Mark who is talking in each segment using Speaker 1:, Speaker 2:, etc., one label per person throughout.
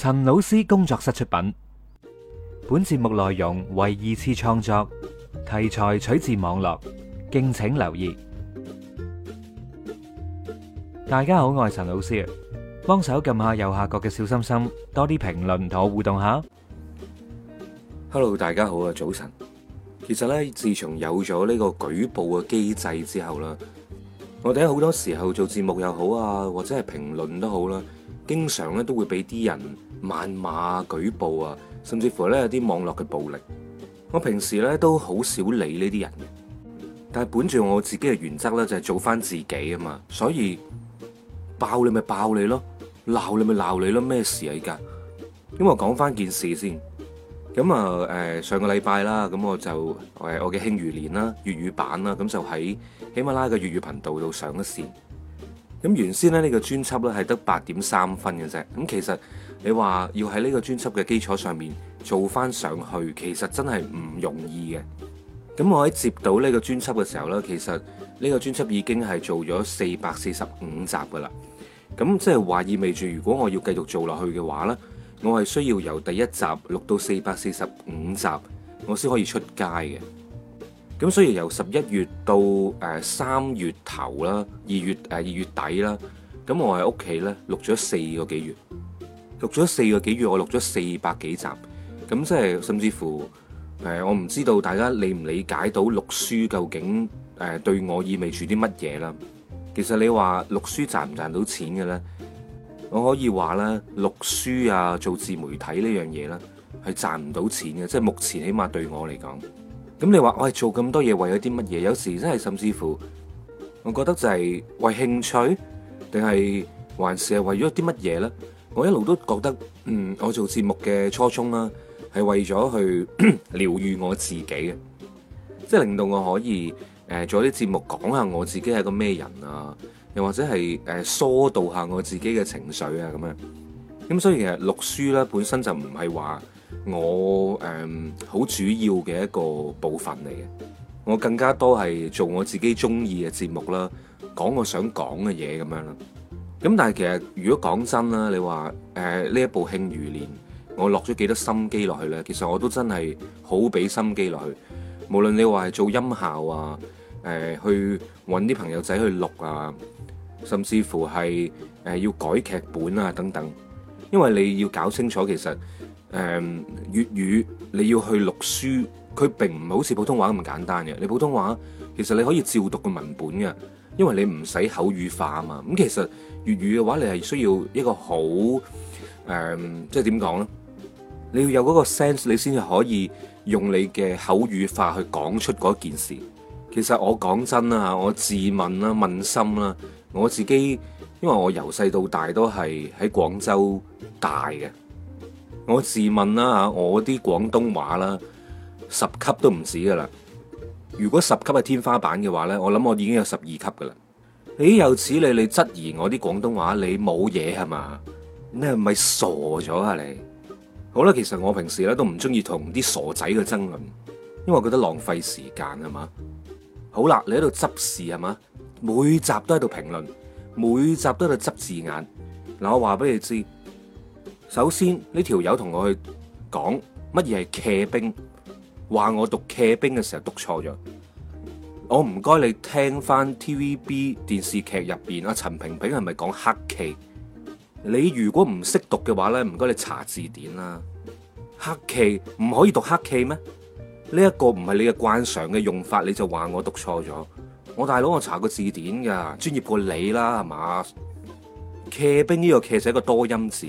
Speaker 1: 陳老師工作室出品，本節目內容為二次創作，題材取自網絡，敬請留意。大家好，我係陳老師，幫手撳下右下角嘅小心心，多啲評論同我互動下。Hello，大家好啊，早晨。其實咧，自從有咗呢個舉報嘅機制之後啦，我哋喺好多時候做節目又好啊，或者係評論都好啦，經常咧都會俾啲人，謾罵、萬馬舉報啊，甚至乎咧有啲網絡嘅暴力，我平時咧都好少理呢啲人嘅。但係本住我自己嘅原則咧，就係做翻自己啊嘛，所以爆你咪爆你咯，鬧你咪鬧你咯，咩事啊而家？咁我講翻件事先。咁啊，誒，上個禮拜啦，咁我就誒我嘅《慶餘年》啦，粵語版啦，咁就喺喜馬拉雅嘅粵語頻道度上，上一線。咁原先咧呢個專輯呢係得八點三分嘅啫，咁其實你話要喺呢個專輯嘅基礎上面做翻上去，其實真係唔容易嘅。咁我喺接到呢個專輯嘅時候呢，其實呢個專輯已經係做咗四百四十五集嘅啦。咁即係話意味住，如果我要繼續做落去嘅話呢，我係需要由第一集錄到四百四十五集，我先可以出街嘅。咁所以由十一月到誒三月頭啦，二月誒二月底啦，咁我喺屋企咧錄咗四個幾月，錄咗四個幾月，我錄咗四百幾集，咁即係甚至乎誒，我唔知道大家理唔理解到錄書究竟誒對我意味住啲乜嘢啦。其實你話錄書賺唔賺到錢嘅咧，我可以話咧，錄書啊做自媒體呢樣嘢咧係賺唔到錢嘅，即係目前起碼對我嚟講。咁你話，我係，做咁多嘢為咗啲乜嘢？有時真係甚至乎，我覺得就係為興趣，定係還是係為咗啲乜嘢咧？我一路都覺得，嗯，我做節目嘅初衷啦，係為咗去療愈我自己嘅，即係令到我可以，誒，做啲節目講下我自己係個咩人啊，又或者係，誒，疏導下我自己嘅情緒啊，咁樣。咁所以其實錄書咧，本身就唔係話。我誒，好、嗯、主要嘅一個部分嚟嘅。我更加多係做我自己中意嘅節目啦，講我想講嘅嘢咁樣啦。咁、嗯、但係其實如果講真啦，你話誒呢一部《慶餘年》，我落咗幾多心機落去呢？其實我都真係好俾心機落去，無論你話係做音效啊，誒、呃、去揾啲朋友仔去錄啊，甚至乎係誒、呃、要改劇本啊等等，因為你要搞清楚其實。誒、um, 粵語你要去錄書，佢並唔係好似普通話咁簡單嘅。你普通話其實你可以照讀個文本嘅，因為你唔使口語化啊嘛。咁其實粵語嘅話，你係需要一個好誒，um, 即係點講呢？你要有嗰個 sense，你先至可以用你嘅口語化去講出嗰件事。其實我講真啊，我自問啊，問心啦，我自己因為我由細到大都係喺廣州大嘅。我自問啦嚇，我啲廣東話啦，十級都唔止噶啦。如果十級係天花板嘅話咧，我諗我已經有十二級噶啦。豈有此理，你質疑我啲廣東話，你冇嘢係嘛？你係咪傻咗啊你？好啦，其實我平時咧都唔中意同啲傻仔去爭論，因為我覺得浪費時間係嘛。好啦，你喺度執事係嘛？每集都喺度評論，每集都喺度執字眼。嗱，我話俾你知。首先，呢條友同我去講乜嘢係騎兵，話我讀騎兵嘅時候讀錯咗。我唔該你聽翻 TVB 電視劇入邊阿陳萍萍係咪講黑騎？你如果唔識讀嘅話咧，唔該你查字典啦。黑騎唔可以讀黑騎咩？呢一個唔係你嘅慣常嘅用法，你就話我讀錯咗。我大佬，我查過字典噶，專業過你啦係嘛？騎兵呢個騎就係一個多音字。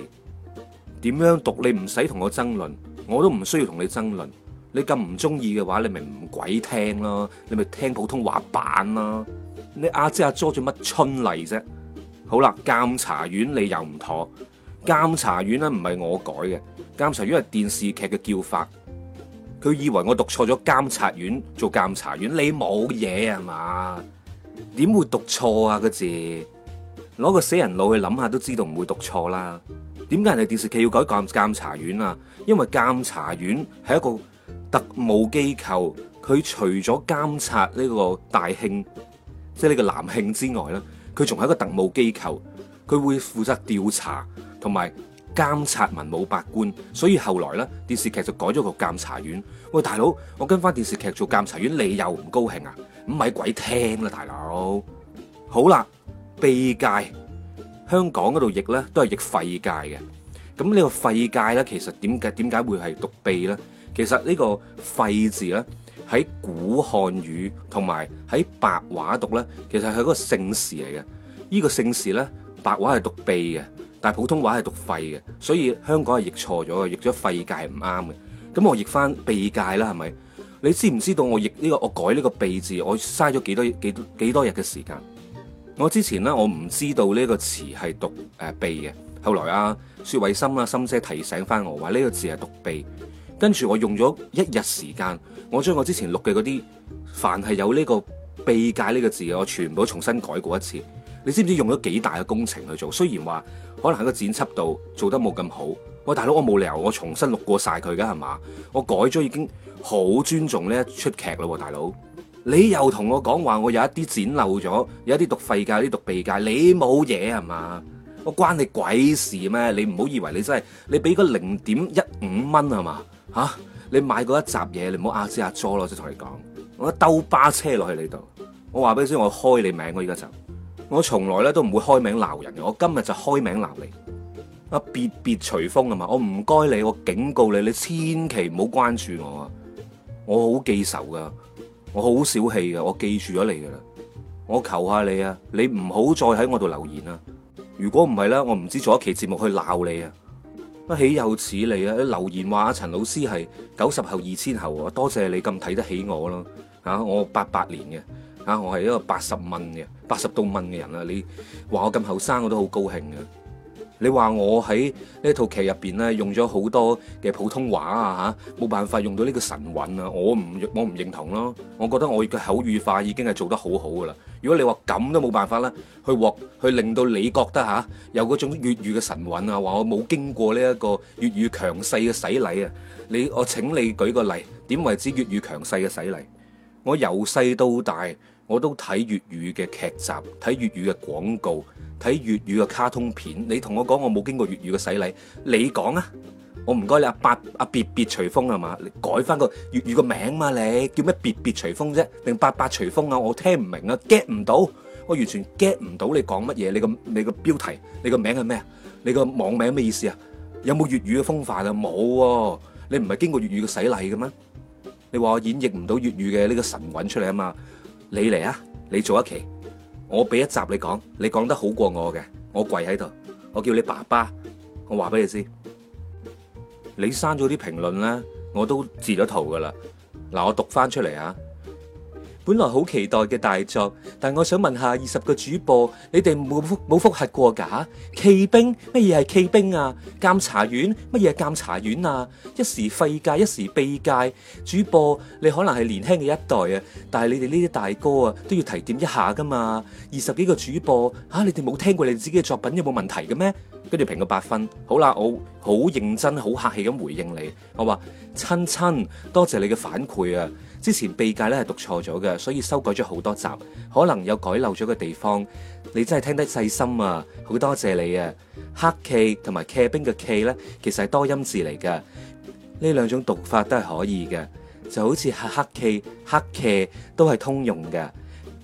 Speaker 1: 點樣讀？你唔使同我爭論，我都唔需要同你爭論。你咁唔中意嘅話，你咪唔鬼聽咯。你咪聽普通話版啦。你阿、啊、姐阿咗、啊、做乜春嚟啫？好啦，監察院你又唔妥。監察院咧唔係我改嘅，監察院係電視劇嘅叫法。佢以為我讀錯咗監察院做監察院，你冇嘢係嘛？點會讀錯啊個字？攞個死人腦去諗下都知道唔會讀錯啦。點解人哋電視劇要改監監察院啊？因為監察院係一個特務機構，佢除咗監察呢個大慶，即係呢個南慶之外咧，佢仲係一個特務機構，佢會負責調查同埋監察文武百官。所以後來咧，電視劇就改咗個監察院。喂，大佬，我跟翻電視劇做監察院，你又唔高興啊？唔係鬼聽啦，大佬。好啦。秘界，香港嗰度譯呢都係譯廢界嘅。咁呢個廢界呢，其實點解點解會係讀秘呢？其實呢個廢字呢，喺古漢語同埋喺白話讀呢，其實係一個姓氏嚟嘅。呢個姓氏呢，白話係讀秘嘅，但係普通話係讀廢嘅。所以香港係譯錯咗嘅，譯咗廢界係唔啱嘅。咁我譯翻秘界啦，係咪？你知唔知道我譯呢個我改呢個秘字，我嘥咗幾多幾多幾多幾多日嘅時間？我之前咧，我唔知道呢個詞係讀誒悲嘅。後來啊，薛偉心啊、心姐提醒翻我話呢個字係讀悲，跟住我用咗一日時間，我將我之前錄嘅嗰啲，凡係有呢個悲介呢個字我全部都重新改過一次。你知唔知用咗幾大嘅工程去做？雖然話可能喺個剪輯度做得冇咁好。喂，大佬，我冇理由我重新錄過晒佢嘅係嘛？我改咗已經好尊重呢一出劇嘞喎，大佬。你又同我講話，我有一啲展漏咗，有一啲讀肺界，有啲讀鼻界，你冇嘢係嘛？我關你鬼事咩？你唔好以為你真係你俾個零點一五蚊係嘛？嚇、啊！你買過一集嘢，你唔好阿支阿佐咯。我同你講，我一兜巴車落去你度。我話俾你先，我開你名，我而家就我從來咧都唔會開名鬧人嘅，我今日就開名鬧你啊！別別隨風啊嘛！我唔該你，我警告你，你千祈唔好關注我，我好記仇噶。我好小氣噶，我記住咗你噶啦，我求下你啊，你唔好再喺我度留言啦。如果唔係咧，我唔知做一期節目去鬧你啊。乜豈有此理啊！留言話阿陳老師係九十後二千後，後多謝你咁睇得起我咯。啊，我八八年嘅，啊，我係一個八十問嘅八十度問嘅人啦。你話我咁後生，我都好高興嘅。你話我喺呢套劇入邊咧用咗好多嘅普通話啊嚇，冇辦法用到呢個神韻啊！我唔我唔認同咯，我覺得我嘅口語化已經係做得好好噶啦。如果你話咁都冇辦法啦，去獲去令到你覺得嚇，啊，有嗰種粵語嘅神韻啊，話我冇經過呢一個粵語強勢嘅洗禮啊！你我請你舉個例，點為之粵語強勢嘅洗禮？我由細到大。我都睇粵語嘅劇集，睇粵語嘅廣告，睇粵語嘅卡通片。你同我講，我冇經過粵語嘅洗禮。你講啊，我唔該你阿八阿別別隨風係嘛？你改返個粵語個名嘛？你叫咩別別隨風啫，定捌捌隨風啊？我聽唔明啊，get 唔到，我完全 get 唔到你講乜嘢。你個你個標題，你個名係咩？你個網名咩意思啊？有冇粵語嘅風範啊？冇喎，你唔係經過粵語嘅洗禮嘅咩？你話我演繹唔到粵語嘅呢個神韻出嚟啊嘛？你嚟啊！你做一期，我俾一集你講，你講得好過我嘅，我跪喺度，我叫你爸爸。我話俾你知，你刪咗啲評論咧，我都截咗圖噶啦，嗱，我讀翻出嚟啊！本來好期待嘅大作，但我想問下二十個主播，你哋冇複冇複核過㗎？騎兵，乜嘢係騎兵啊？監察院乜嘢係監察院啊？一時廢界，一時避介，主播你可能係年輕嘅一代啊，但係你哋呢啲大哥啊都要提點一下噶嘛。二十幾個主播，吓、啊、你哋冇聽過你自己嘅作品有冇問題嘅咩？跟住評個八分，好啦，我好認真、好客氣咁回應你，我話親親，多謝你嘅反饋啊。之前避介咧係讀錯咗嘅。所以修改咗好多集，可能有改漏咗嘅地方。你真係聽得細心啊，好多謝你啊！黑騎同埋騎兵嘅騎呢，其實係多音字嚟噶，呢兩種讀法都係可以嘅，就好似黑黑騎、黑騎都係通用嘅。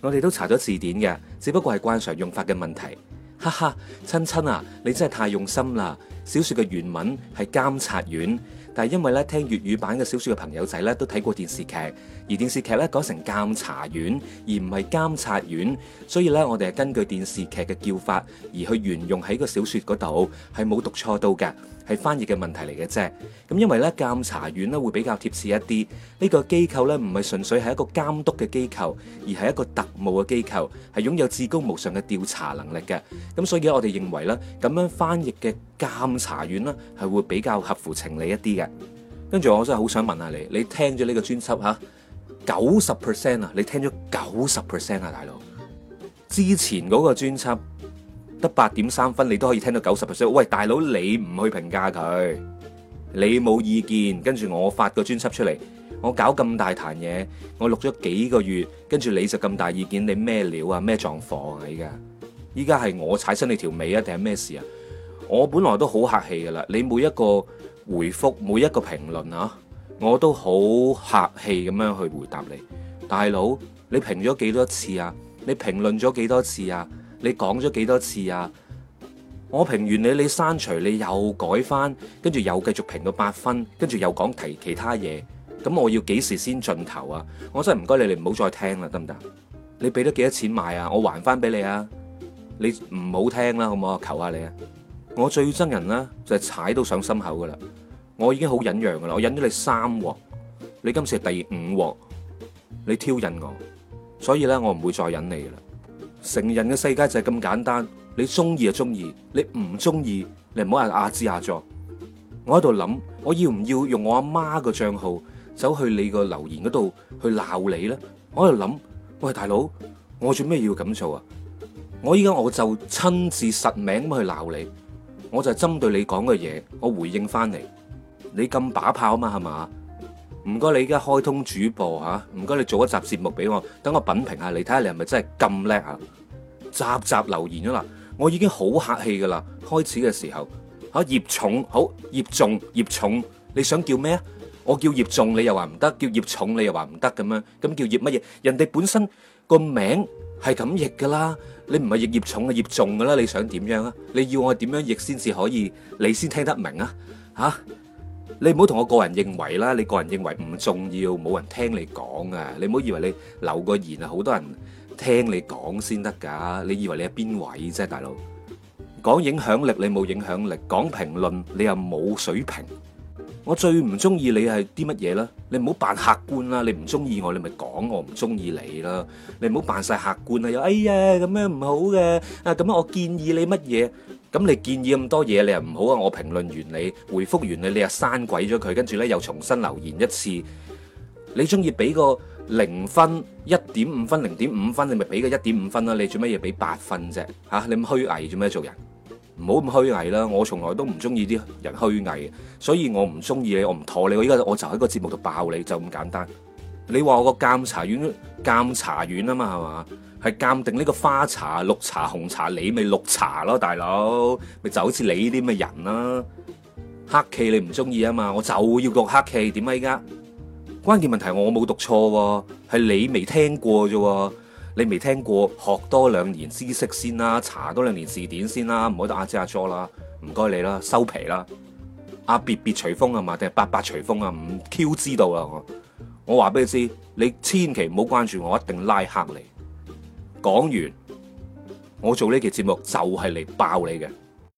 Speaker 1: 我哋都查咗字典嘅，只不過係慣常用法嘅問題。哈哈，親親啊，你真係太用心啦！小說嘅原文係監察院。但係因為咧聽粵語版嘅小説嘅朋友仔咧都睇過電視劇，而電視劇咧改成監察院而唔係監察院，所以咧我哋係根據電視劇嘅叫法而去沿用喺個小説嗰度，係冇讀錯到嘅。係翻譯嘅問題嚟嘅啫，咁因為呢監察院呢會比較貼切一啲，呢、這個機構呢唔係純粹係一個監督嘅機構，而係一個特務嘅機構，係擁有至高無上嘅調查能力嘅，咁所以我哋認為呢，咁樣翻譯嘅監察院呢係會比較合乎情理一啲嘅。跟住我真係好想問下你，你聽咗呢個專輯吓？九十 percent 啊，你聽咗九十 percent 啊，大佬，之前嗰個專輯。得八點三分，你都可以聽到九十 percent。喂，大佬，你唔去評價佢，你冇意見，跟住我發個專輯出嚟，我搞咁大壇嘢，我錄咗幾個月，跟住你就咁大意見，你咩料啊？咩狀況嚟噶？依家，依家係我踩親你條尾啊？定係咩事啊？我本來都好客氣噶啦，你每一個回覆，每一個評論啊，我都好客氣咁樣去回答你。大佬，你評咗幾多次啊？你評論咗幾多次啊？你講咗幾多次啊？我評完你，你刪除你，你又改翻，跟住又繼續評到八分，跟住又講提其他嘢，咁我要幾時先盡頭啊？我真係唔該你，你唔好再聽啦，得唔得？你俾咗幾多錢買啊？我還翻俾你啊？你唔好聽啦，好唔好啊？我求下你啊！我最憎人咧就係、是、踩到上心口噶啦，我已經好忍讓噶啦，我忍咗你三鑊，你今次係第五鑊，你挑引我，所以咧我唔會再忍你噶啦。成人嘅世界就係咁簡單，你中意就中意，你唔中意你唔好係阿支阿佐。我喺度諗，我要唔要用我阿媽個賬號走去你個留言嗰度去鬧你咧？我喺度諗，喂大佬，我做咩要咁做啊？我依家我就親自實名咁去鬧你，我就係針對你講嘅嘢，我回應翻嚟：「你咁把炮啊嘛，係嘛？」唔該，你而家開通主播吓，唔該，你做一集節目俾我，等我品評下你，睇下你係咪真係咁叻啊？集集留言啊嗱，我已經好客氣噶啦。開始嘅時候，吓、啊、葉重好葉重葉重，你想叫咩啊？我叫葉重，你又話唔得，叫葉重你又話唔得咁樣，咁叫葉乜嘢？人哋本身個名係咁譯噶啦，你唔係譯葉重啊葉重噶啦，你想點樣啊？你要我點樣譯先至可以，你先聽得明啊？吓、啊？你唔好同我個人認為啦，你個人認為唔重要，冇人聽你講啊！你唔好以為你留個言啊，好多人聽你講先得㗎！你以為你係邊位啫，大佬？講影響力你冇影響力，講評論你又冇水平。我最唔中意你係啲乜嘢啦？你唔好扮客觀啦！你唔中意我，你咪講我唔中意你啦！你唔好扮晒客觀啊！又哎呀咁樣唔好嘅啊！咁樣我建議你乜嘢？咁你建議咁多嘢，你又唔好啊！我評論完你，回覆完你，你又刪鬼咗佢，跟住呢，又重新留言一次。你中意俾個零分、一點五分、零點五分，你咪俾個一點五分啦。你做乜嘢俾八分啫？嚇、啊，你咁虛偽做咩？做人唔好咁虛偽啦！我從來都唔中意啲人虛偽，所以我唔中意你，我唔妥你。我依家我就喺個節目度爆你，就咁簡單。你話我個監察院監察院啊嘛，係嘛？係鑑定呢個花茶、綠茶、紅茶，你咪綠茶咯，大佬咪就好似你呢啲咁嘅人啦。黑氣你唔中意啊嘛，我就要讀黑氣。點解依家關鍵問題我冇讀錯喎、啊，係你未聽過啫、啊。你未聽過學多兩年知識先啦，查多兩年字典先啦，唔好得阿姐阿 j 啦。唔該你啦，收皮啦。阿別別隨風啊嘛，定係八八隨風啊？唔 Q 知道啦，我我話俾你知，你千祈唔好關注我，我一定拉黑你。講完，我做呢期節目就係嚟爆你嘅。